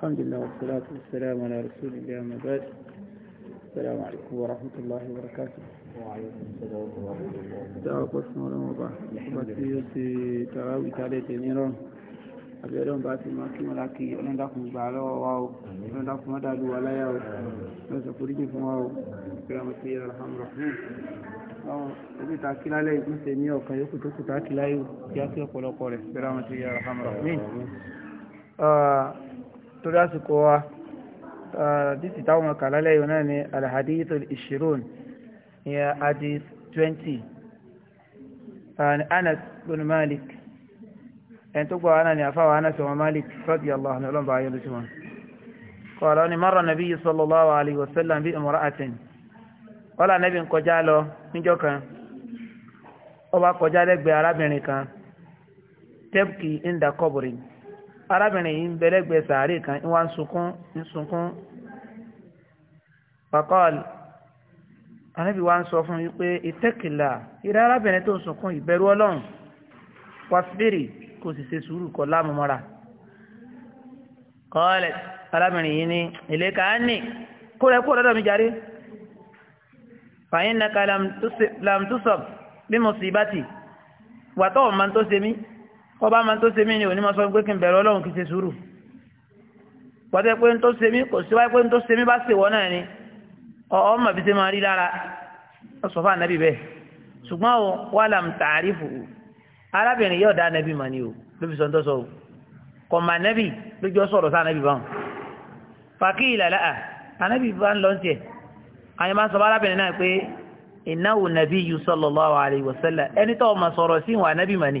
الحمد لله والصلاة والسلام على رسول الله أما بعد السلام عليكم ورحمة الله وبركاته وعليكم السلام ورحمة الله وبركاته àbẹ̀rẹ̀ ọba ti máa kí wọn láti ọlọ́dàkùn gbà lọ́wọ́ wa o ọlọ́dàkùn mọ́dàlú wa láyà o lọ́sọ̀ foríjì fún wa o ìgbéra ti yẹ alhamdulilayi ọ̀hún ebi ta kí lálẹ́ ìpín ṣe ní ọ̀kan yókù tó kù tá kí láyò kí á sí ọ̀pọ̀lọpọ̀ rẹ̀ ìgbéra ti yẹ alhamdulilayi torí àsìkò wa uh, títí táwọn ọmọ kàlálẹ̀ yìí náà ni alhadith ishirun ní hadith twenty anas bin malik ẹni tó gbọ́ anas ni àfáwà anas ọmọ malik radiyallahu anhu ọlọ́mọba ayé lójú wọn kọ̀ọ̀lọ́ ni mara nabi sallallahu alayhi wa sallam bí imra'atin wọ́n anabi ń kọjá lọ níjọ́ kan ó bá kọjá lẹ́gbẹ̀ẹ́ arábìnrin kan tẹ́pùkì ń da arábìnrin yìí ń bẹ̀lẹ́gbẹ̀ sàárè kan ń wá ń sunkún ń sunkún pakọ́l anábì wa ń sọ fún wípé ìtẹ́kìlà ìrẹ́ arábìnrin tó ń sunkún ìbẹ̀rù ọlọ́run wàsíbìrì kò sì ṣe sùúrù kọ́ lámúmọ́ra kọ́ọ̀lẹ̀ arábìnrin yìí ní ilé káánì kó rẹ kó lọ́dọ̀ mi járe fàyín nàka làmtúsọ̀ bí mo sì bá ti wàtọ́ ọ̀ máa tó ṣe mí kọ́ ma máa tó ni òní sọ pé kí n ọlọ́run ṣe sùúrù pé tó mí kò ni ọ mà bí ṣe ma rí lára ó fún ànábì bẹ́ẹ̀ ṣùgbọ́n o wà làm arábìnrin yóò dá ni o lóbi sọ sọ ọ sọ̀rọ̀ sí ànábì báwọn fàkì ìlàlá à anabi bá ń lọ àyè sọ fún arábìnrin náà pé ìnáwó nàbí yìí sallallahu alaihi wasallam ẹni tó máa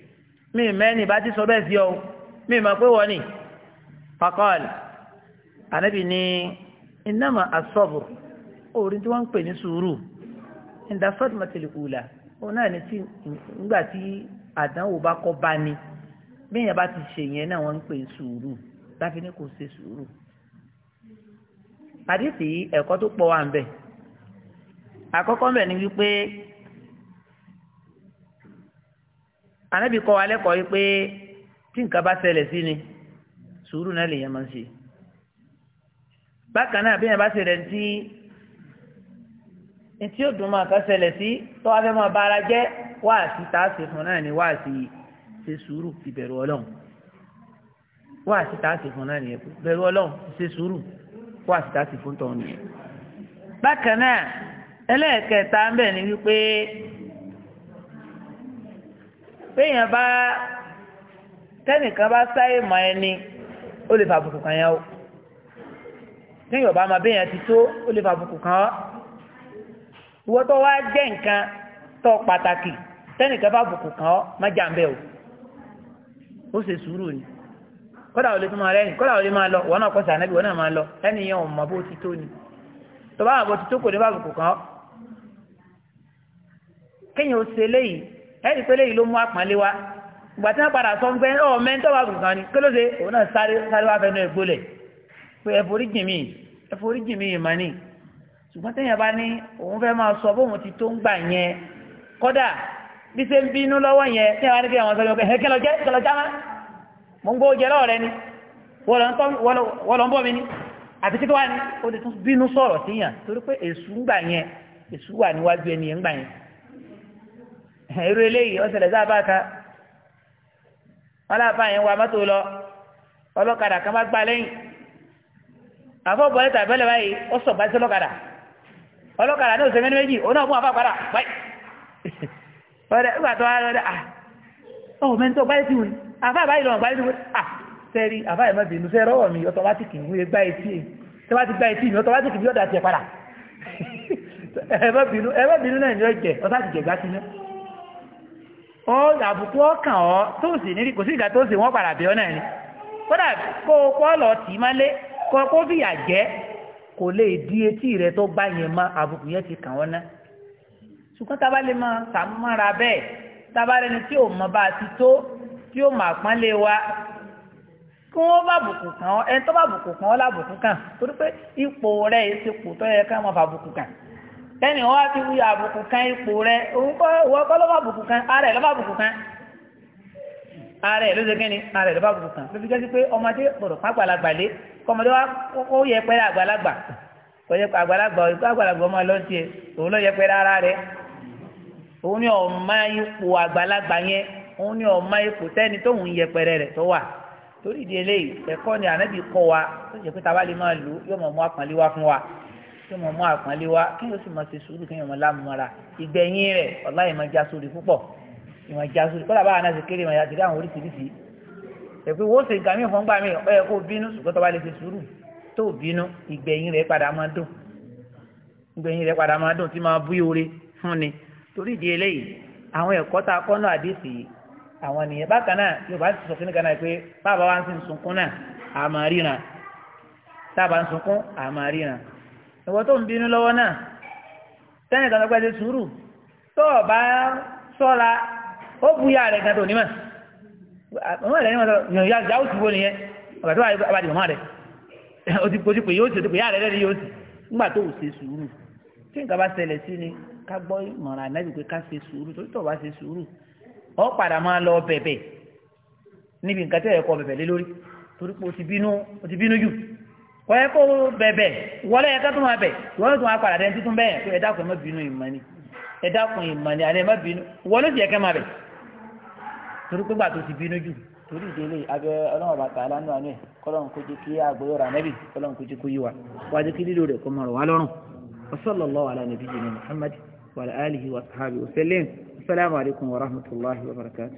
mi mẹ́ni bá ti sọ bẹ́ẹ̀ sí ọ mi mọ̀ pé wọ́n ni pakọ́ọ̀lì ànábì ní ìnáma asọ́bù orí tí wọ́n ń pè ní sùúrù ìdásọ́dù mọ́tìlìkùlà òun náà ní tí nígbà tí àdánwò bá kọ́ bá ní bí èèyàn bá ti ṣe yẹn náà wọ́n ń pè sùúrù láfi ní kò ṣe sùúrù àdìsí ẹ̀kọ́ tó pọ̀ wà ń bẹ̀ àkọ́kọ́ ń bẹ̀ ni wípé ànábì kọ́ wa lẹ́kọ̀ọ́ yìí pé tí nǹkan bá ṣẹlẹ̀ sí ni sùúrù náà lèèyàn máa ń ṣe bákan náà bí yẹn bá ṣẹlẹ̀ tí ntí ó dùn máa kan ṣẹlẹ̀ sí tó wá fẹ́ máa bá ara jẹ́ wáàsí tá a ṣe fún náà ni wáàsí ṣe sùúrù ìbẹ̀rù ọlọ́run wáàsí tá a ṣe fún náà nìyẹn bẹ̀rù ọlọ́run ṣe sùúrù wáàsí tá a ṣe fún tọ̀hún nìyẹn. bákan náà ẹlẹ́ẹ̀kẹta ń bẹ̀ ni wípé téèyàn bá tẹ́nìkan bá sáyè mọ ẹni ó lè fàbùkù kàn yẹn o téèyàn bá máa béèyàn ti tó ó lè fàbùkù kàn ọ́ ìwọ tó wá jẹ́ nǹkan tó pàtàkì tẹ́nìkan bá bùkù kàn ọ́ má jà ń bẹ̀ o ó ṣe sùúrù ni kódà ò lè tún máa rẹ́ni kódà ò lè máa lọ wọn náà kọ́ sànẹ́bí wọn náà máa lọ ẹni yẹn ò mọ bó ti tó ni tó bá wà bó ti tó kò ní bá bùkù kàn ọ́ kéèyàn ó ṣe eléyìí ẹ̀rí pé léyìí ló mú àpọ́nlé wa ìgbà tí wọ́n padà sọ pé ọ̀ mẹ́ńtọ́ wa kùn kan ni kélóde òun náà sáré sáré wá fẹnu ẹ̀ gbólẹ̀ pé ẹ forí jì mí ẹ forí jì mí ìmọ̀ ni ṣùgbọ́n téèyàn bá ní òun fẹ́ máa sọ bóun ti tó ń gbà yẹn kódà bí ṣe ń bínú lọ́wọ́ yẹn téèyàn bá ní kí àwọn sọ pé kẹlọ jẹ kẹlọ já má mò ń gbó jẹ lọ́wọ́ rẹ ni wọ́n lọ ń bọ̀ mí ni àti títí wá ni ó ti tún bínú sọ̀rọ̀ síyàn torí pé èṣù irú eléyìí ọ̀sẹ̀lẹ̀ sábà kan wọn láfa yẹn wa mọ́tò lọ ọlọ́kadà kan bá gbá lẹ́yìn àfọ̀bọ̀ ẹ̀ta ìbẹ́lẹ̀ báyìí ó sọ̀ bá sí ọlọ́kadà ọlọ́kadà ní òsèmẹ́ni méjì òun náà fún padà báyìí ọ̀rẹ́ ìgbà tó ọ̀hún àfà báyìí lọ́wọ́ sẹ́rí àfà yẹn mi ó àbùkù ọkàn ọ tó sì nírí kò sí ìgbà tó sì wọ́n padà bí ọ náà ni kódà kó o kọ́ lọ tì í mọ́lé kó o kó fìyà jẹ́ kò lè di etí rẹ tó bá yẹn mọ́ àbùkù yẹn ti kàn ọ́ ná ṣùgbọ́n tá a bá lè mọ sàmúmọ́ra bẹ́ẹ̀ tá a bá rẹni tí ò mọ bá a ti tó tí ó mọ àpọ́nlé wa kí wọ́n bá bùkù kàn ọ́ ẹni tó bá bùkù kàn ọ́ lábùkù kàn torí pé ipò rẹ̀ èsì pò tó yẹ ká mọ̀ fà bùkù kàn. tẹ́nì wá ti wí àbùkù kan ipò rẹ̀ òun kọ́ wọ́n kọ́ lọ́wọ́ kan ara ẹ̀ lọ́wọ́ àbùkù kan ara ẹ̀ ló ṣe kẹ́ni ara ẹ̀ lọ́wọ́ àbùkù kan ló fi jẹ́ sí pé ọmọdé lé kọ́mọdé wa yẹ pẹ́rẹ́ àgbàlagbà yẹ àgbàlagbà ọmọ òun ló yẹ pẹ́rẹ́ ara rẹ̀ òun ni ọ̀ma ipò àgbàlagbà yẹn òun ni ọ̀ma ipò tẹ́ni kí wọ́n mú àpọ́nlé wá kí wọ́n sì máa ṣe sùúrù kí wọ́n mọ lámúmọ́ra ìgbẹ̀yìn rẹ̀ ọ̀la ìmọ̀ já sórí púpọ̀ ìmọ̀ já sórí kọ́lá báwa náà ṣe kéré ìmọ̀ yàtìrí àwọn oríṣiríṣi ẹ̀pẹ́ wo ṣe gàmí fún gbàmí ọ̀yẹ́ kó bínú ṣùgbọ́n tó bá lè ṣe sùúrù tó bínú ìgbẹ̀yìn rẹ̀ padà máa dùn ìgbẹ̀yìn rẹ̀ padà máa dùn tí máa bú ore fún ni torí ìdí eléyìí àwọn ẹ̀kọ́ tá a kọ́ náà àdéhìí àwọn nìyẹn bákan náà ìwọ tó ń bínú lọ́wọ́ náà tẹ́nì kan lọ́gbẹ́ ṣe sùúrù tó o sọ́ra bu ya rẹ̀ gan tó nímọ̀ àwọn ẹ̀rẹ́ ya nìyẹn ọ̀gá tó rẹ̀ o ti o ti o rẹ̀ yóò nígbà tó ṣe sùúrù tí nǹkan bá ṣẹlẹ̀ sí ni ká gbọ́ ìmọ̀ràn ànábì pé ká ṣe sùúrù tó ọ padà máa lọ bẹ̀bẹ̀ níbi nǹkan tẹ́ ẹ̀kọ́ bẹ̀bẹ̀ lé lórí torí o ti bínú kò yẹ kó bẹ̀bẹ̀ wọlé yẹ kẹ́tùn máa bẹ̀ wọ́n tún apàdà dẹ́n tuntun bẹ́ẹ̀ pé ẹ̀dàkùn ẹ̀mọ́ bínú ìmọ̀ni ẹ̀dàkùn ìmọ̀ni àlẹ́ ẹ̀mọ́ bínú wọ́n sì máa bẹ̀ torí pé gbà tó ti bínú jù torí ìdílé abẹ ọlọ́run bàtà aláǹdó àánú ẹ̀ kọ́lọ́run kó jẹ́ kí àgbóyọ̀ rà nẹ́bì kọ́lọ́run kó jẹ́ kó yí wa wájú kí lílo rẹ̀ kó wá lọ́rùn ala alihi